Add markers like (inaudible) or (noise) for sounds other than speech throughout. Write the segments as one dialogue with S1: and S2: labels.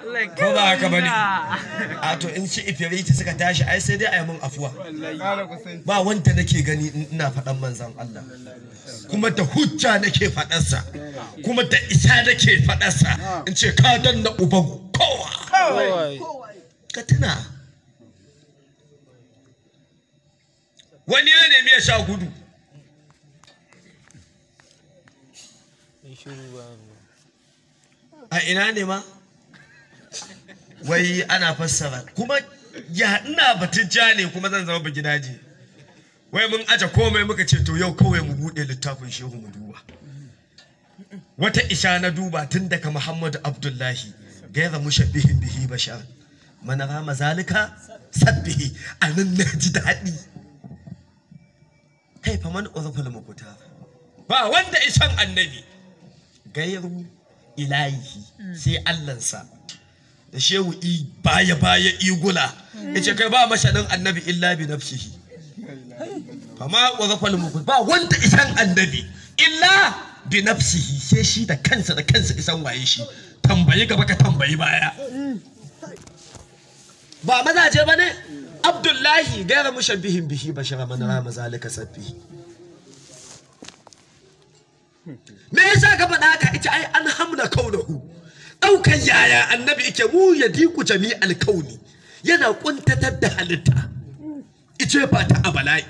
S1: ko ba haka bane a to in ce ci ifiriti suka tashi ai sai dai a yi mun afuwa ba wanda nake gani ina faɗan manzan Allah kuma da hujja nake faɗarsa kuma da isa nake faɗarsa in ce ka danna uban kowa ka tuna wani ya nemi ya sha gudu a ina ne ma wai ana fassara kuma ya ina batun ja ne kuma zan zama bigidaje wai mun aje komai muka ce to yau kawai mu bude littafin shehu mu duba wata isha na duba tun daga muhammadu abdullahi gaira mushabbihin bihi bashar mana rama zalika sabbihi a nan na ji daɗi kai fa man urfal makuta ba wanda isan annabi gairu ilahi hmm. sai allansa da shehu i baya baya igula yace kai ba mashanin annabi illa bi nafsihi fama wa zafal mukul ba wanda isan annabi illa bi nafsihi sai shi da kansa da kansa isan waye shi tambayi gaba ka tambayi baya ba mazaje ba ne abdullahi gaira mushabbihin bihi bashara man rama zalika sabbi me yasa ka faɗa ka ita ai an hamna kaunahu ɗaukan yaya annabi ike mu ya diku jami alkauni yana kuntatar da halitta ice ba ta a bala'i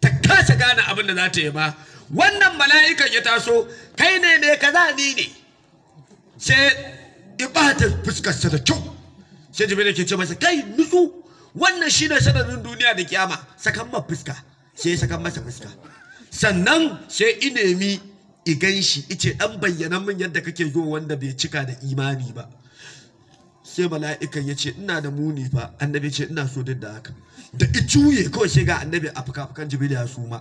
S1: ta kasa gane abin da za ta yi ba. wannan mala'ikan ya taso kai ne mai kaza ni ne sai ibata fuskarsa da kyau sai jibril ke ce masa kai nutsu wannan shine sanarin duniya da kiyama sakan ma fuska sai sakan masa fuska sannan sai inemi igan shi ice an bayyana min yadda kake yi wanda bai cika da imani ba sai mala'ikan ya ce ina da muni fa annabi ce ina so duk da haka da juye kawai sai ga annabi a fuka-fukan ya suma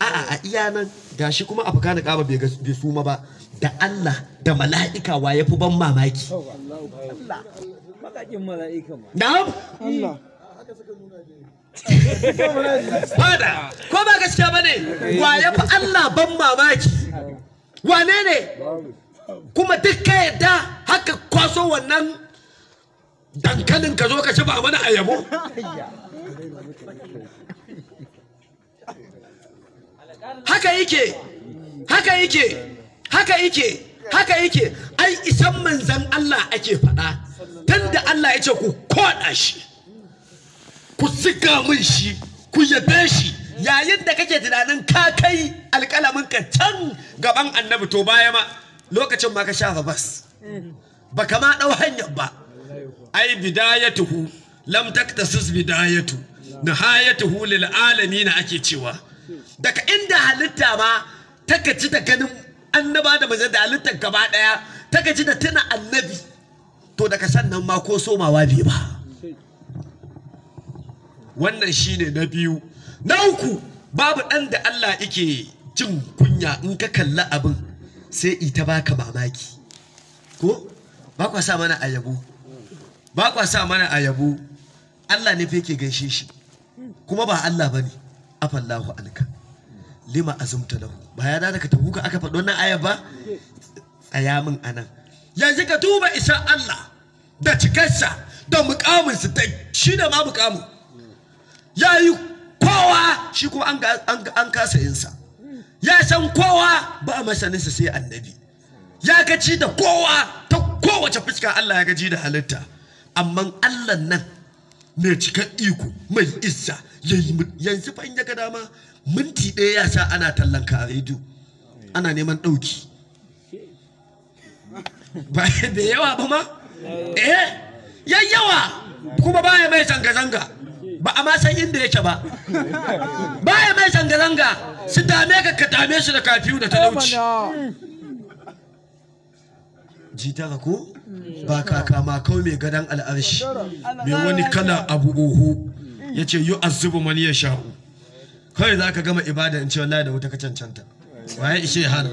S1: a'a a iya nan gashi kuma a fuka kaba bai suma ba da Allah da mala'ika wa ya ban mamaki Allah na'am Allah ko ba gaskiya ba ne, wa ya fi Allah ban mamaki. Wanene kuma duk ka yadda haka kwaso wannan dankalin ka zo ka ci ba mana a haka yake haka yake haka yake haka yake ai isan manzan Allah ake faɗa tunda Allah ya ce ku koɗa shi ku siga min shi ku yabe shi yayin da kake tunanin ka kai alƙalamin ka can gaban annabi to baya ma lokacin ma ka shafa bas ba kama ɗau hanyar ba ai bidayatuhu lam taktasus bidayatu nihayatuhu lil alamin ake cewa daga inda halitta ma ta kaci da ganin annaba da manzon da halittar gaba daya ta kaci da tuna annabi to daga sannan ma ko somawa bai ba wannan shine na biyu na uku babu ɗan da Allah yake jin kunya in ka kalla abin sai ita baka mamaki ko ba kwa sa mana ayabo ba kwa sa mana ayabo Allah ne fa yake gaishe shi kuma ba Allah bane afallahu anka lima azumta lahu ba ya da ka tabuka aka faɗo wannan ayar ba tsaya min anan yanzu ka duba isa Allah da cikarsa da su ta shi da ma mukamin ya kowa shi kuma an kasa yinsa ya san kowa ba sa sai annabi ya gaji da kowa ta kowace fuska Allah ya gaji da halitta amma Allah nan mai cika iko mai isa yanzu fa in ya ga dama minti ɗaya ya sa ana tallan ka a ana neman ɗauki ba (laughs) da yawa ba ma eh yayyawa kuma baya mai zanga-zanga ba a ma san inda yake ba ba ya mai zanga-zanga su dame ka ka dame su da kafiyu da talauci oh, ji ta ko ba kaka ma kawai mai gadon al'arshi mai wani kala abu uhu ya ce yi azubu mani ya sha'u kawai za ka gama ibada in ce wallahi da wuta ka cancanta waye ishe hana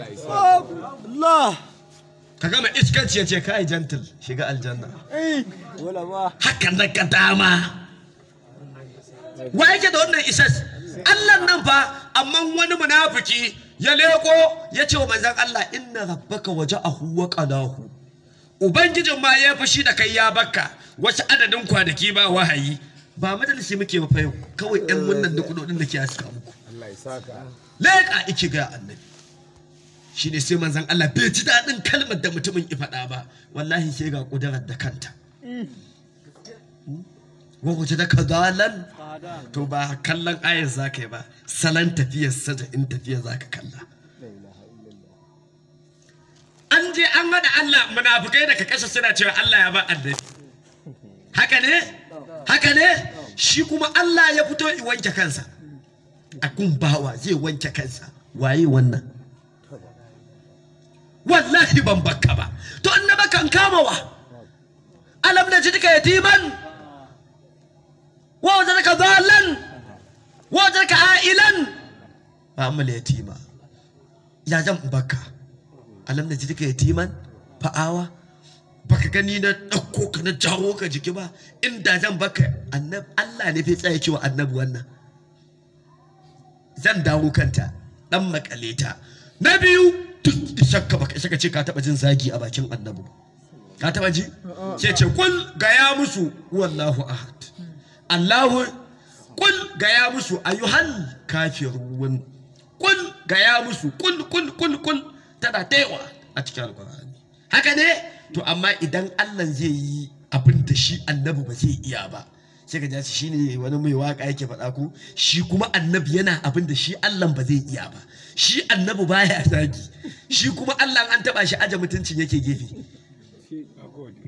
S1: ka gama iskanci ya ce kai gentle shiga aljanna haka na ka dama wa yake da wannan isas Allah nan fa amma wani munafiki ya leko ya ce wa manzon Allah inna rabbaka waja'ahu wa qalahu ubangijin ma ya fushi da kai ya bakka wasu adadin kwanaki ba wahayi ba majalisi muke ba yau kawai ɗan wannan da da ke muku ya saka leka ike ga annabi ne sai manzon Allah bai ji daɗin kalmar da mutumin ya faɗa ba wallahi sai ga kudarar da kanta mm. wa wuce da kazalan to ba kallon ayar za ka yi ba salon tafiyar sada in tafiya za ka kalla an je an hada Allah munafukai daga ƙasa suna cewa Allah ya ba annabi haka ne haka ne shi kuma Allah ya fito i wanke kansa a kun bawa zai wanke kansa waye wannan wallahi ban bakka ba to annaba kan kama wa alam najidka yatiman ووجدك ضالا ووجدك عائلا فأما اليتيم يا جم بكا ألم نجدك يتيما فآوى baka gani na ɗauko ka na jawo ka jiki ba inda zan baka annab Allah ne fi tsaye cewa annabi wannan zan dawo kanta dan makale ta na biyu duk shakka ce ka taba jin zagi a bakin annabi ka taba ji ce kul ga ya musu wallahu ahad Allahu kul gaya musu ayyuhal kafirun kul gaya musu kul kul kul kul tana taiwa a cikin alkur'ani haka ne to amma idan Allah zai yi abin da shi annabi ba zai iya ba sai ka ji shine wani mai waka yake faɗa ku shi kuma annabi yana abin da shi Allah ba zai iya ba shi annabi baya zagi shi kuma Allah an taba shi aje mutuncin yake gefe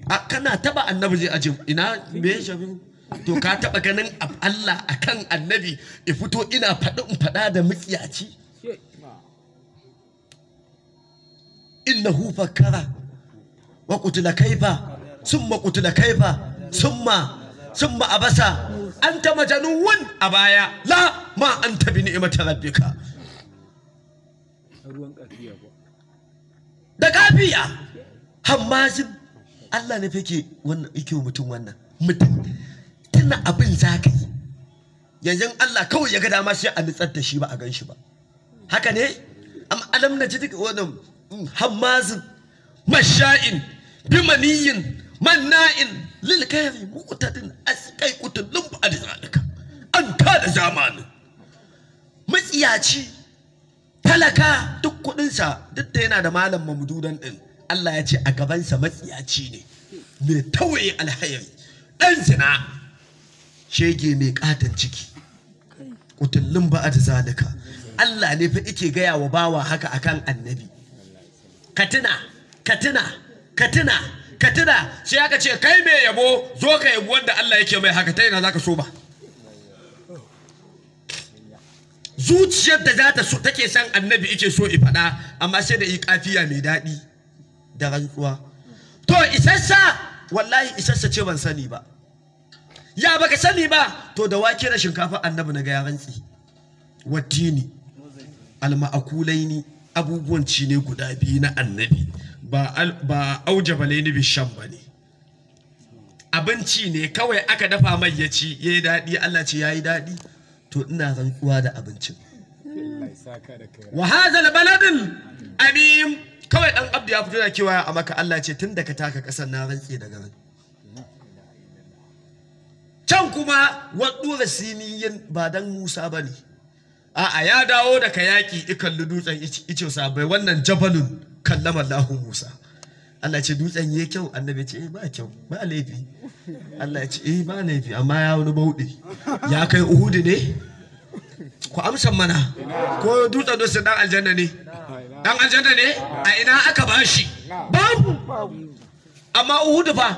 S1: a kana taba annabi zai aje ina me shafi to ka taɓa ganin Allah a kan annabi ya fito ina faɗi in faɗa da inna innahu fakkara wa kutula kaifa summa kutula kaifa summa summa abasa anta majanun a baya la ma anta bi ni'mati rabbika da kafiya hammazin Allah ne fake wannan yake mutum wannan mutum tuna abin za yi yanzu Allah kawai ya ga dama sai a nutsar da shi ba a gan shi ba haka ne am alam na ji duka wannan mm, hammazin masha'in bimaniyin manna'in lil kayri mutadin askai ba da zalika an da zamanin matsiyaci talaka duk kudinsa duk da yana da malam mamdudan din Allah ya ce a gabansa matsiyaci ne mai tawaye alhayari ɗan zina shege mai katon ciki kutullin ba a zalika Allah ne fa ike gaya wa bawa haka akan annabi katina katina katina katina sai aka ce kai mai yabo zo ka yabo wanda Allah yake mai haka ta yana zaka so ba zuciyar da zata so take san annabi ike so i faɗa amma sai da yi kafiya mai daɗi da rantsuwa to isassa wallahi isassa ce ban sani ba ya baka sani ba to da wake da shinkafa annabi na ga ya rantsi wattini alma'akulaini abubuwan ci ne guda biyu na annabi ba aujabale ni shan ba ne abinci ne kawai aka dafa mai ya ci ya yi daɗi Allah ce ya yi daɗi to ina rantsuwa da abincin wa hazal baladin amin kawai dan abdu ya fito da kewaya a maka Allah ce tun da ka taka kasar na rantsi daga garin can kuma waɗura siniyin ba dan musa ba ne a'a ya dawo daga yaƙi ikalli dutsen icinsa bai wannan jabalun kallama lahu musa Allah ce dutsen ya kyau annabi ce eh, ba kyau ba laifi Allah ya ce eh ba laifi amma ya wani bauɗe ya kai uhudu ne ku amsan mana ko dutsen dutsen dan aljanna ne dan aljanna ne a ina aka bashi babu amma uhudu fa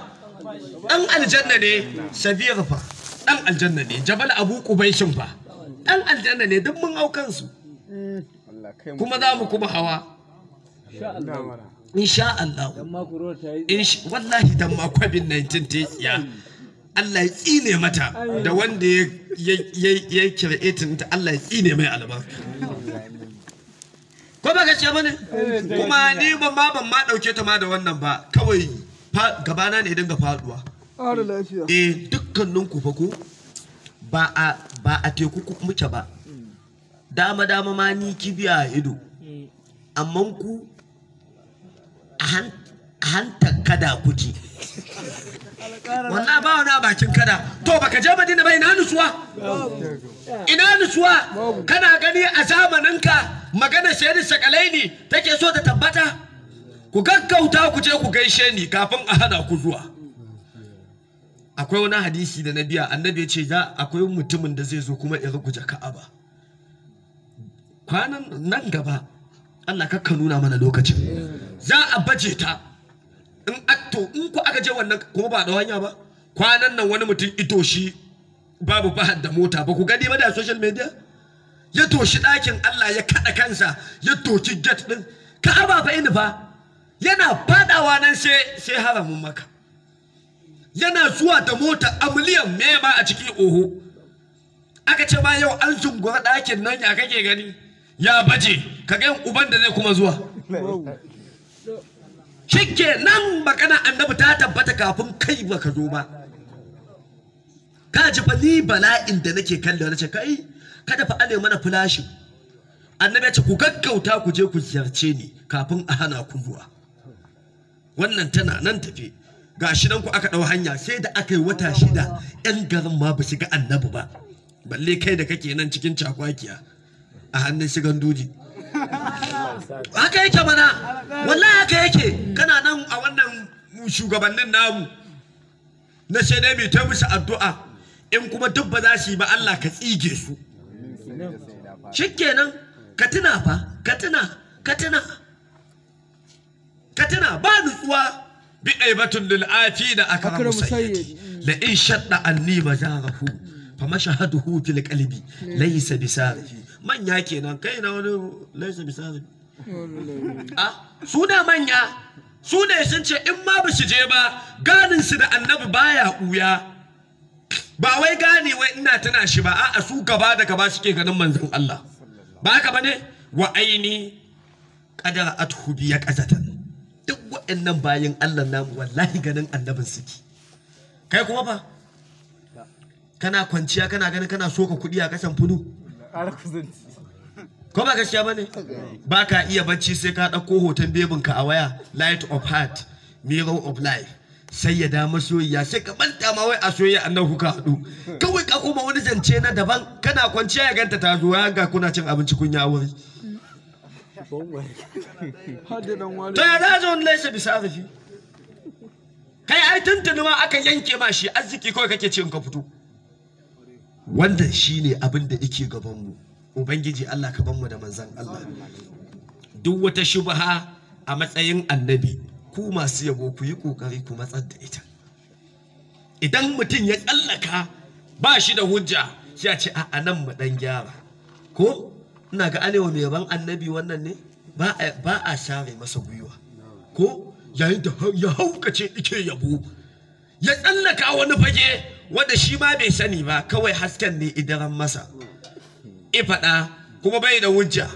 S1: ɗan aljanna ne shabir fa ɗan aljanna ne jabal abu kubaishin fa ɗan aljanna ne duk mun hau kansu kuma za mu kuma hawa insha Allah wallahi dan ma covid 19 ta ya Allah ya tsine mata da wanda ya kir'itin ta Allah ya tsine mai albarka ko ba ka ce mana kuma ni ban ma ban ma dauke ta ma da wannan ba kawai gabana ne dinga faduwa ƙara lafiya eh dukkanin ku fa ko ba a ba a teku muke ba dama dama ma ni kibiya a ido amma ku a hantar kada kuke wannan ba wani bakin kada to baka je madina ba ina nutsuwa ina nutsuwa kana gani a zamaninka magana shaidu shakalai ne take so ta tabbata ku gaggauta ku je ku gaishe ni kafin a hana ku zuwa akwai wani hadisi da na biya annabi ya ce za akwai mutumin da zai zo kuma ya kuje ka'aba kwanan nan gaba Allah kakka nuna mana lokacin za a baje ta in atto in ku aka je wannan kuma ba da hanya ba kwanan nan wani mutum ito shi babu fahad da mota ba ku gani ba da social media ya toshi ɗakin Allah ya kaɗa kansa ya toki gate ɗin ka'aba fa ina fa yana fadawa nan sai haramun maka yana zuwa da mota a miliyan mema a cikin oho aka ce ma yau an zungura ɗakin nan ya kake gani ya baje ka ga uban da zai kuma zuwa shike nan magana annabi ta tabbata kafin kai ba ka zo ba ka ji fa ni bala'in da nake kallo wani ce kai kada fa ale mana fulashin. annabi ya ce ku gaggauta ku je ku ziyarce ni kafin a hana ku zuwa wannan tana nan tafi ga shi nan ku aka ɗau hanya sai da aka yi wata shida yan garin ma ba su ga annabi ba balle kai da kake nan cikin cakwakiya a hannun shigan duji haka yake bana, wallahi haka yake kana nan a wannan shugabannin namu na sai dai mai ta musu addu'a in kuma duk ba za su yi ba Allah ka tsige su shikenan ka tuna fa ka tuna ka tuna ka tuna ba nutsuwa bi aibatun lil da akramu sayyidi la in shadda anni majarahu fa mashahaduhu fil qalbi laysa bisarihi manya kenan kai na wani laysa bisarihi ah, su suna manya su ne sun ce in ma ba su je ba ganin su da annabi baya ɓuya ba wai gane wai ina tana shi ba a'a su gaba da gaba suke ganin manzon Allah ba haka bane wa aini qadara athu bi ya qazatan duk waɗannan bayan Allah namu wallahi ganin annabin suke kai kuma fa kana kwanciya kana ganin kana soka kuɗi a kasan fudu ko ba gaskiya bane ba ka iya bacci sai ka ɗauko hoton bebin ka a waya light of heart mirror of life sai ya dama soyayya sai ka manta ma wai a soyayya annan kuka haɗu kawai ka koma wani zance na daban kana kwanciya ya ganta ta zo ya ga kuna cin abinci kunya ya wuri to ya za zo laisa bisa arziki kai ai tuntuni ma aka yanke ma shi arziki kawai kake ce in ka fito wannan shine abin da yake gabanmu, ubangiji Allah ka mu da manzan Allah duk wata shubha a matsayin annabi ku masu yabo ku yi ƙoƙari ku matsar da ita idan mutum ya tsallaka ba shi da hujja ya ce a nan mu ɗan gyara ko ina ga alewa mai ban annabi wannan ne ba a share masa gwiwa ko yayin da ya haukace ike yabo ya tsallaka wani fage wanda shi ma bai sani ba kawai hasken ne idaran masa i faɗa kuma bai da wujja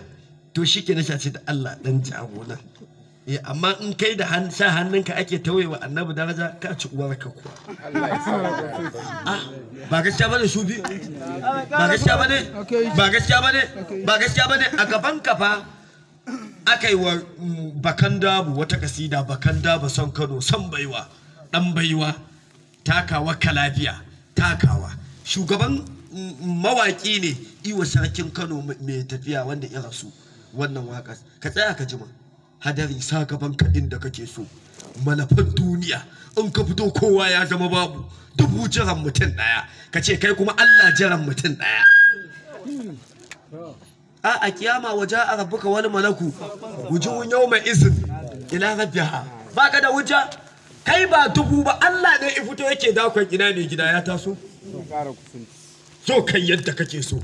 S1: to shi ke nasha ce da Allah dan jago eh amma in kai da sa sa hannunka ake tauye wa annabi daraja ka ci uwarka kuwa ah, ba gaskiya bane su bi ba gaskiya bane ba gaskiya bane ba gaskiya bane a gaban ka fa aka yi wa mm, bakan dabu wata kasida bakan dabu son kano son baiwa dan baiwa takawa kalafiya takawa shugaban mm, mawaki ne iwa sarkin kano mai tafiya wanda irasu rasu wannan waƙar ka tsaya ka jima hadari sa gaban ka inda kake so malafin duniya in ka fito kowa ya zama babu dubu jiran mutum daya ka ce kai kuma Allah jiran mutum daya a a kiyama waje a rabbuka wani malaku wujun yau mai izin ila rabbiha ba ka da wuja. kai ba dubu ba Allah ne ifito fito yake dakon ina ne gida ya taso so kai yadda kake so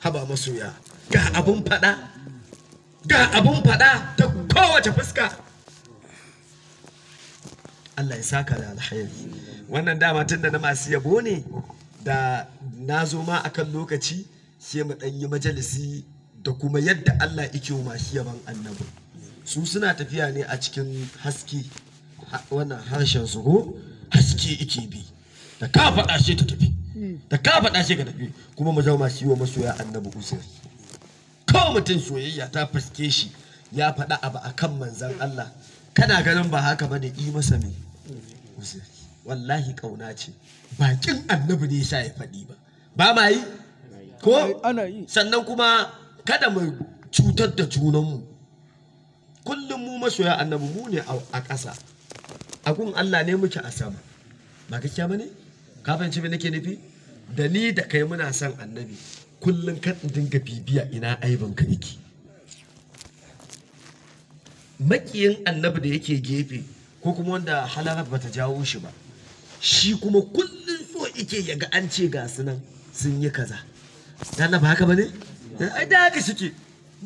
S1: haba masoya ga abun fada ga abun faɗa ta kowace fuska Allah ya saka da alhairi wannan dama tun da na masu yabo ne da na zo ma akan lokaci sai mu ɗan yi majalisi da kuma yadda Allah yake masu yaban annabi su suna tafiya ne a cikin haske wannan harshen su haske ike bi da ka faɗa shi ta tafi hmm. da ka faɗa shi ka tafi kuma mu zama shi wa masoya annabi usiri ko mutum soyayya ta fuske shi ya faɗa abu a kan manzan Allah kana ganin ba haka ba da yi masa ne, wallahi ƙauna ce bakin annabi ne sa ya faɗi ba ba ma yi ko sannan kuma kada mu cutar da junanmu kullum mu masoya annabi mu ne a ƙasa a kun Allah ne muke a sama ba gaskiya ba ne ka fahimci nake nufi da ni da kai muna son annabi kullum kan dinga bibiya ina aibin ka yake makiyin annabi da yake gefe ko kuma wanda halarar bata jawo shi ba shi kuma kullum so yake ya ga an ce ga nan sun yi kaza da na ba haka bane eh, ai da haka suke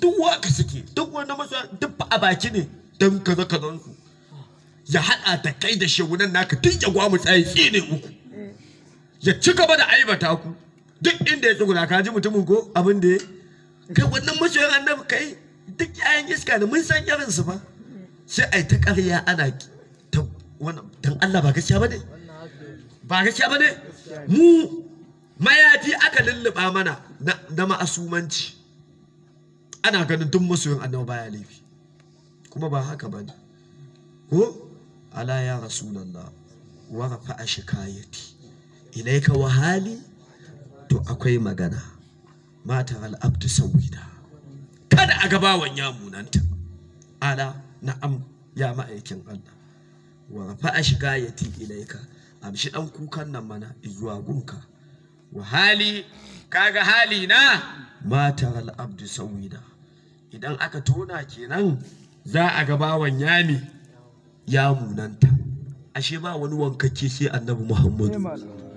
S1: duk waka suke duk wanda masa duk a baki ne dan kaza kazan su ya haɗa da kai da shegunan naka tun ya mu tsaye tsine uku ya ci gaba da aibata ku duk inda ya tsuguna ka ji mutumin ko abin da ya kai wannan masoyan annabi kai duk yayan iska ne mun san irin su ba sai ai ta ƙarya ana ta wannan dan Allah ba gaskiya bane ba gaskiya bane mu mayafi aka lulluba mana na ma'asumanci ana ganin duk masoyin annabi baya laifi kuma ba haka bane ko ala ya rasulullah wa rafa'a shikayati ilaika wahali hali to akwai magana mata al'abdu sauwida kada a gabawan ya munanta ala na'am ya ma'aikin Allah wa fa'a shiga ya ti ilaika amshi dan kukan nan mana zuwa gunka wa hali kaga hali na mata al'abdu sauwida idan aka tona kenan za a ga ya ne ya munanta ashe ba wani wankake sai annabi Muhammadu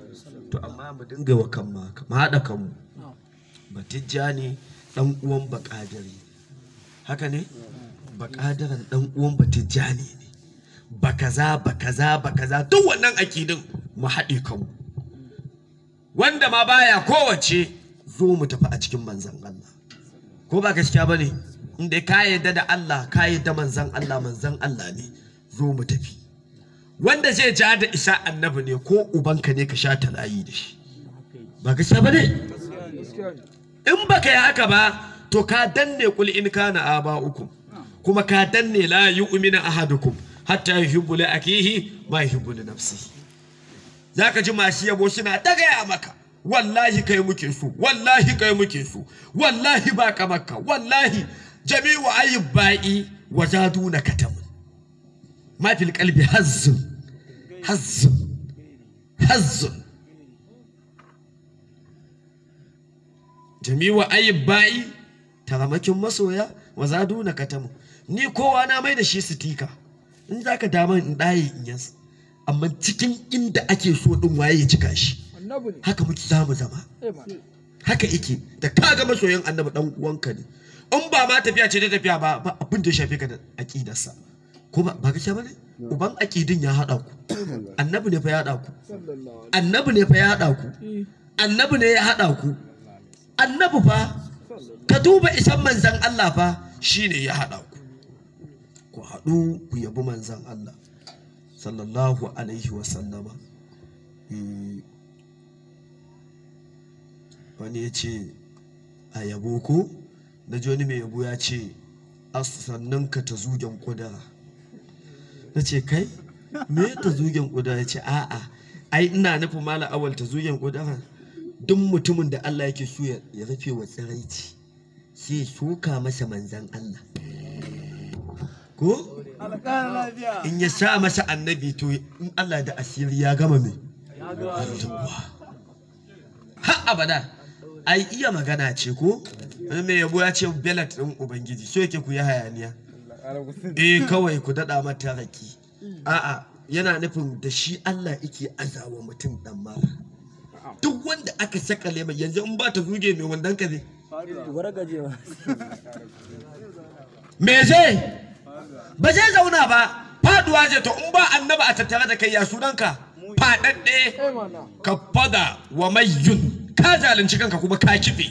S1: to amma mu dinga wa kan ma mu haɗa kanmu batijja ne ɗan uwan baƙadari haka ne baƙadaren ɗan uwan batijja ne ba kaza ba kaza ba kaza duk wannan akidin mu haɗe kanmu wanda ma baya kowace zo mu tafi a cikin manzan Allah ko ba gaskiya ba ne inda ka yarda da Allah ka yarda manzan Allah manzan Allah ne zo mu tafi wanda zai ja da isa annabi ne ko ubanka ne ka sha talayi da shi ba gaskiya ba ne in baka yi haka ba to ka danne kul in kana aba uku kuma ka danne la a ahadukum hatta yuhibbu li akihi ma yuhibbu li Za zaka ji masu yabo suna ya maka wallahi kai muke so wallahi kai muke so wallahi ba ka makka wallahi jami'u ayyubai wa zaduna katam ma fil qalbi hazzun hazzun hazzun jami'u ayib taramakin masoya wa zadu na katamu ni kowa na mai da shi sitika in za ka dama in daye in yas amma cikin inda ake so ɗin waye ya cika shi haka muke za mu zama eh, haka yake da ka ga masoyan annabi dan uwanka ne in ba ma tafiya ce ta tafiya ba abin da ya shafe ka da aƙidarsa ko ba gaskiya ne? uban akidin ya haɗa ku annabi ne fa ya haɗa ku annabi ne fa ya haɗa ku eh. annabi ne ya haɗa ku annabi fa ka duba isan manzan Allah fa shine ya haɗa ku ku haɗu ku yabi manzan Allah sallallahu alaihi wa sallama eh. wani ya ce a yabo ko na ji wani mai yabo ya ce A sannan ka ta zugen kudura na ce kai me ta zugen ƙuda ya ce a'a ai ina nufin mala awal ta zugen ƙuda duk mutumin da Allah yake so ya rufe wa tsiraici sai suka masa manzan Allah ko in ya sa masa annabi to in Allah da asiri ya gama me ha abada ai iya magana ce ko wani mai yabo ya ce belat ɗin ubangiji so yake ku yi hayaniya eh kawai ku daɗa mata raki a'a yana nufin da shi Allah yake azawa mutum dan mara duk wanda aka saka lema yanzu in ba ta zuge mai wandan ka zai (laughs) me zai ba zai zauna ba faduwa zai to in ba annaba a tattare da kai ya sunan ka fadadde ka fada wa mayyun ka zalunci kanka kuma ka kife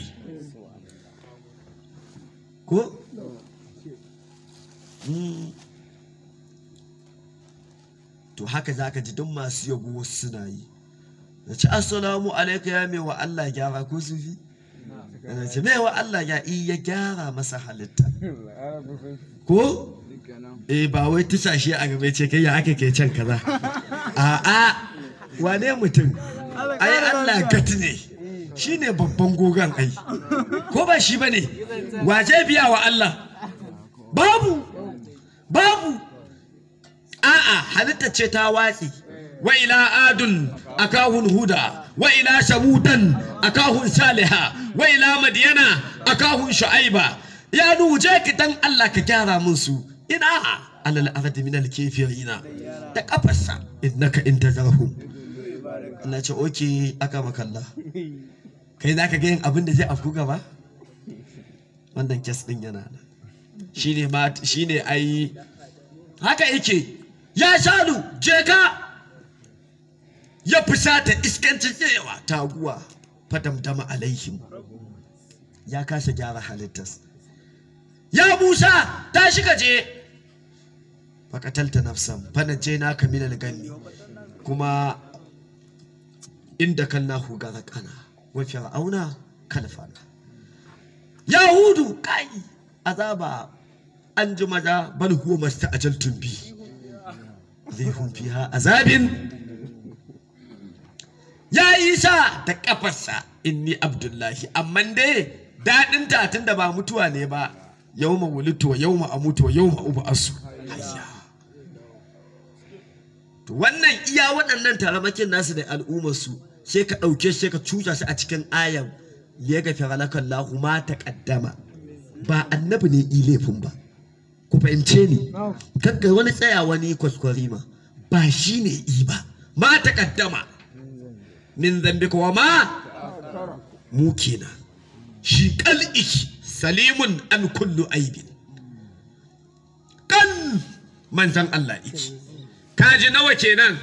S1: ko Mm. to haka za ka ji duk masu yabo suna yi na ci assalamu alaika ya mewa wa Allah gyara ko sufi na ci mewa wa Allah ya eh, ya gyara masa halitta (laughs) ko eh ba wai shi a gaba ce kai ya ake ke can kaza (laughs) a'a wane mutum ai Allah gati ne shi ne babban gogon ai ko ba shi ba ne waje biya wa Allah babu babu a'a halitta ce ta watsi wa ila adun akahun huda wa ila shamudan akahun saliha wa ila madiyana akahun shu'aiba ya nuhu je ki dan Allah ka gyara min su ina alal ardi min alkafirina da kafarsa innaka in tazarhu ina ce oke aka makalla kai zaka ga yin abin da zai afku gaba wannan kes din yana nan shine ma shine ai haka yake ya shanu je ka ya fusata iskancin yawa taguwa fadamdama alaihim ya kasa gyara halittas ya musa ta ka je fakatalta nafsan fanace naka minal ganni kuma inda kallahu kana wa fir'auna kalfana yahudu kai azaba an ji maza bal huwa masta'ajaltum bi zai fiha azabin ya isa da kafarsa inni abdullahi amma dai daɗin ta tunda ba mutuwa ne ba yawma wulitu wa yawma amutu wa yawma ub'asu to wannan iya waɗannan taramakin nasu da al'ummarsu su sai ka ɗauke shi ka cuta shi a cikin ayan liyaghfira lakallahu ma ƙaddama. ba annabi ne yi laifin ba ku fahimce ni kakka wani tsaya wani kwaskwari ma ba shi ne yi ba ma kaddama. min zambi kuwa ma mu kenan shi kal'iki salimun an kullu aibin kan manzan Allah iki kaji nawa kenan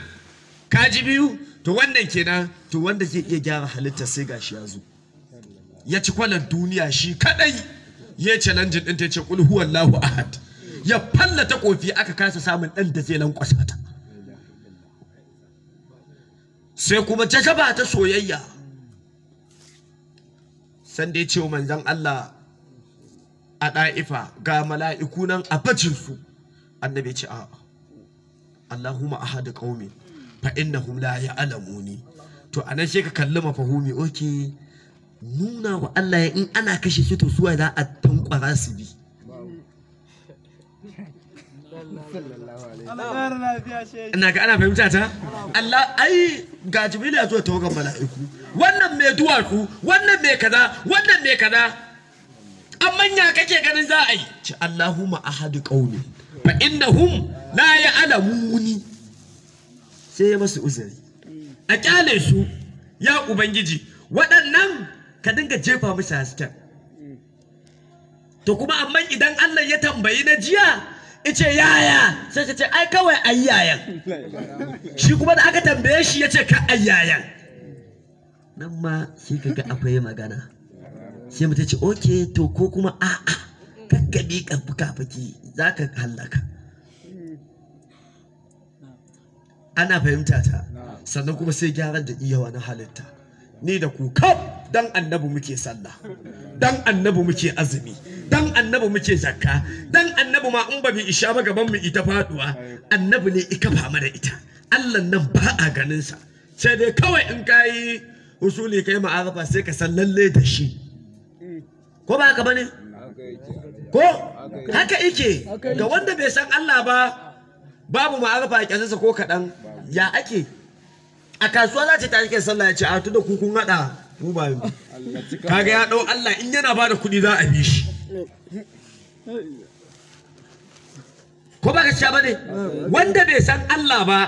S1: kaji biyu to wannan kenan to wanda zai iya gyara halitta sai gashi ya zo ya ci kwalar duniya shi kadai ya challenge din ta ce kul huwallahu ahad ya fallata kofi aka kasa samun dan da zai lankwasa ta sai kuma ta gaba ta soyayya san da ya ce manzon Allah a ɗa'ifa ga mala'iku nan a bacin su annabi ce a Allahumma ahad qaumi fa innahum la ya'lamuni to anan sai ka kalli mafahumi okay nuna wa Allah ya in ana kashe su to suwa za a tankwara su bi ina ga ana fahimta ta Allah ai ga Jibril ya zo ta wurin mala'iku wannan mai duwatsu wannan mai kaza wannan mai kaza An manya kake ganin za a yi ci Allahumma ahadu qauli fa innahum la ya'lamuni sai ya masu uzuri a kyale su ya ubangiji waɗannan ka dinga jefa mishi hasken to kuma amma idan Allah ya tambayi na jiya ice yaya sai ka ce ai kawai ayyayan shi kuma da aka tambaye shi yace ce ka ayyayan nan ma sai ka ga akwai magana sai mu ta ce oke to ko kuma a'a kakkabi kafuki, za ka hallaka ana fahimta ta sannan kuma sai gyaran da iyawa na halitta ni da ku kaf dan annabi muke sallah dan annabi muke azumi dan annabi muke zakka dan annabi ma in ba bi isha ba gaban mu ita faduwa annabi ne ika fama da ita Allah nan ba a ganin sa sai dai kawai in kayi usuli kai ma'azafa sai ka san lalle da shi ko ba ka bane ko haka yake ga wanda bai san Allah ba babu ma'azafa a ko kaɗan ya ake a kasuwa za ta tashi sallah ya ce a tu da ku kun hada mu ba kaga ya dau Allah in yana bada kuɗi za a bi shi ko ba ka ba bane wanda bai san Allah ba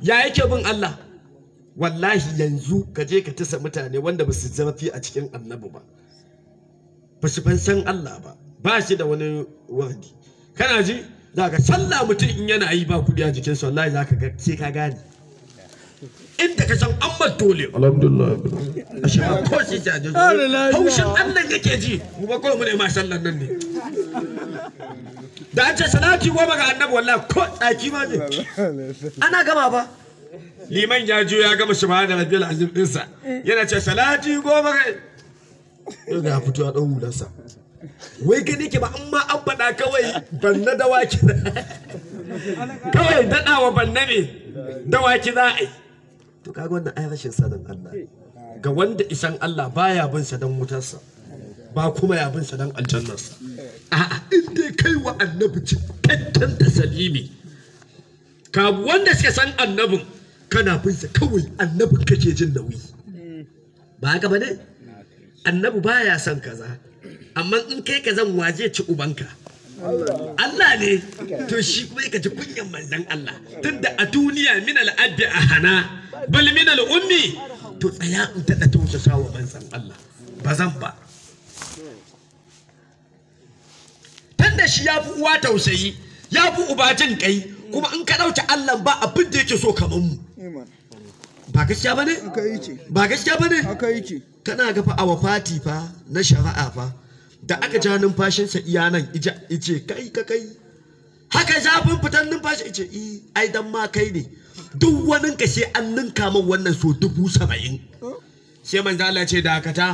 S1: ya yake bin Allah wallahi yanzu ka je ka tasa mutane wanda ba su fi a cikin annabi ba ba su ban san Allah ba ba shi da wani wani kana ji za sallah mutum in yana yi ba kuɗi a jikinsa wallahi za ka ga sai ka gane In inda ka san an dole alhamdulillah a shi ma ko shi jaje haushin Allah yake ji mu ba kawai mu ne ma sallan nan ne da an ce salati goma ga annabi wallahi ko tsaki ma ne ana gama ba liman ya je ya gama shi ma da rabbil azim dinsa yana ce salati goma ga ya fito a dan hulansa wai ga nake ba amma an faɗa kawai ban na dawaki kawai daɗawa ban na ne dawaki za a yi to kaga wannan ai rashin sanin Allah ga wanda isan Allah baya bin sa dan sa, ba kuma ya bin sa dan aljannarsa a'a in dai kai wa annabi cikakken tasalimi ka wanda suka san annabin kana bin sa kawai annabin kake jin nauyi ba haka bane annabi baya son kaza amma in kai ka zan waje ci ubanka Allah ne to shi kuma yake ji kunyan manzon Allah tunda a duniya min al abdi ahana bal min al-ummi to tsaya in tada tausasa wa manzon Allah ba zan ba tunda shi ya fi uwa tausayi ya fi uba jin kai kuma in ka dauce Allah ba abin da yake so kaman mu ba gaskiya bane ba gaskiya bane kana ga fa awafati fa na shari'a fa da aka ja numfashinsa iya nan ije kai ka kai haka zafin fitan numfashi ice i ai dan ma kai ne duk wani ka sai an ninka min wannan so dubu saba'in sai manzo Allah ce dakata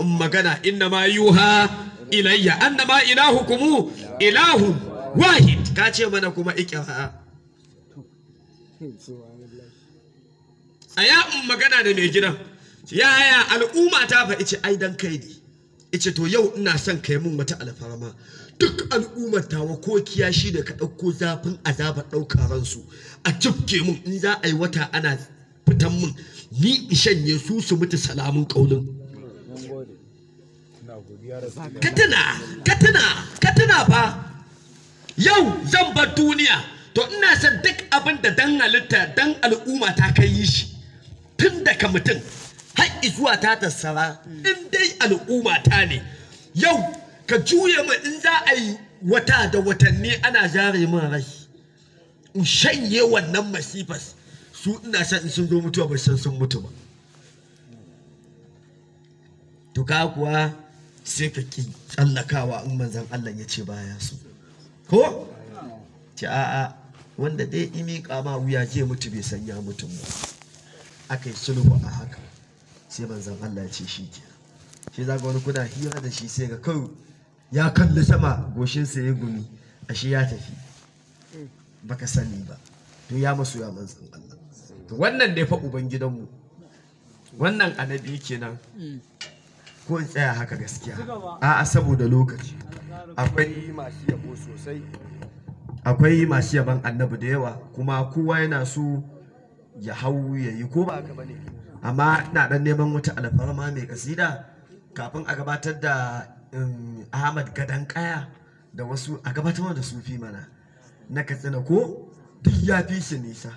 S1: in magana inna ma yuha ilayya annama ilahukum ilahu, wahid ka ce mana kuma ikra A in magana da mai gidan yaya al'umma ta faɗi ce ai dan kai ne ce to yau ina son ka yi min wata alfarma duk al'ummar tawa ko kiyashi da ka ɗauko zafin azabar ɗauka ransu a cifke mun in za a yi wata ana fitan mun ni in shanye su su mutu salamun ƙaunin katina katina katina fa yau zan bar duniya to ina son duk abin da dan halitta dan al'umma ta kai yi shi tun daga mutum har zuwa ta tassara in dai al'umma ta ne yau ka juye ma in za a yi wata da watanni ana jare min rai in shanye wannan masifas su ina san in sun zo mutuwa ba san sun mutu ba to ka kuwa sai ka ki tsallakawa in manzan Allah ya ce baya su ko ci a'a wanda dai imi kama wuya ke mutu bai san ya mutum ba akai sulhu a haka sai manzan Allah ya ce shi ke shi za wani kuna hira da shi sai ga kawai ya kalli sama goshinsa ya gumi A shi ya tafi baka sani ba to ya masu ya manzan Allah to wannan ne fa ubangidanmu wannan annabi kenan ko in tsaya haka gaskiya a'a saboda lokaci akwai masu yabo sosai akwai masu yaban annabi da yawa kuma kowa yana so ya hau ya yi ko ba haka bane amma ina dan neman wata alfarma mai kasida kafin a gabatar da um, ahmad gadan kaya da wasu a gabatar da sufi mana na katsina ko duk ya fi shi nisa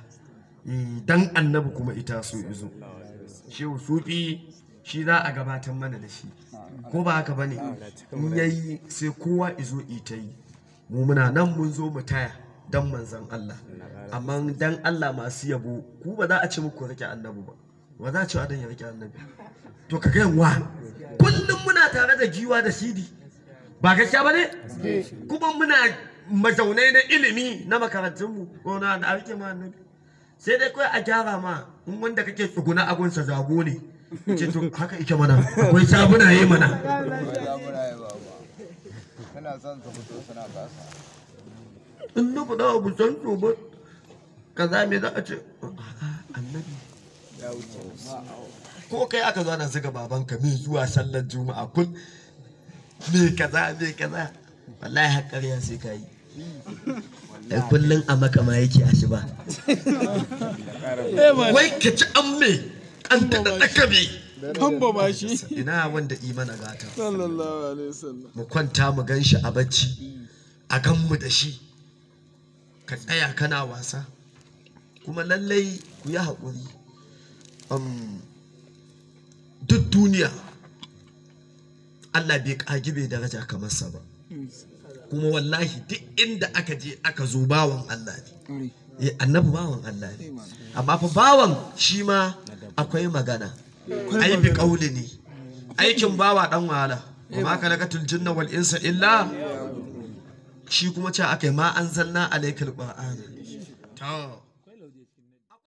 S1: eh, dan annabi kuma ita so izo shehu sufi shi za a gabatar mana da shi ko ba haka bane in yayi sai kowa izo ita yi mu muna nan mun zo mu taya dan manzon Allah amma dan Allah masu yabo ku ba za a ce muku rike annabi ba wa za ce wa ya rike annabi to ka ga yawa kullum muna tare da jiwa da sidi ba gaskiya ba ne kuma muna mazaunai na ilimi na makarantunmu ko na da rike ma annabi sai dai kawai a gyara ma in wanda kake tsuguna agunsa zago ne ce to haka ike mana akwai sabuna yi mana in na faɗa abu san so ba kaza me za a ce annabi ko kai aka zo ana zuga babanka mai zuwa sallar juma'a kun mai kaza mai kaza wallahi haƙar ya sai ka yi ai kullum a maka ma yake a shi ba eh, wai ka ci an me an taɗa ɗaka ba shi. Ina wanda imana gata. Sallallahu Mu kwanta mu gan shi a bacci. A gan mu da shi. Ka tsaya kana wasa. Kuma lallai ku yi haƙuri. duk duniya Allah bai kagi bai daraja kamar sa ba kuma wallahi duk inda aka je aka zo bawan Allah ne eh, annabi bawan Allah ne amma fa bawan shi ma akwai magana ai bi kauli ne aikin bawa dan wahala eh. amma ka lakatul jinna wal insa illa shi kuma ce aka yi ma anzalna alaikal qur'ana to